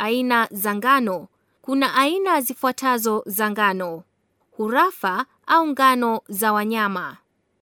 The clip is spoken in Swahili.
Aina za ngano. Kuna aina zifuatazo za ngano: hurafa au ngano za wanyama.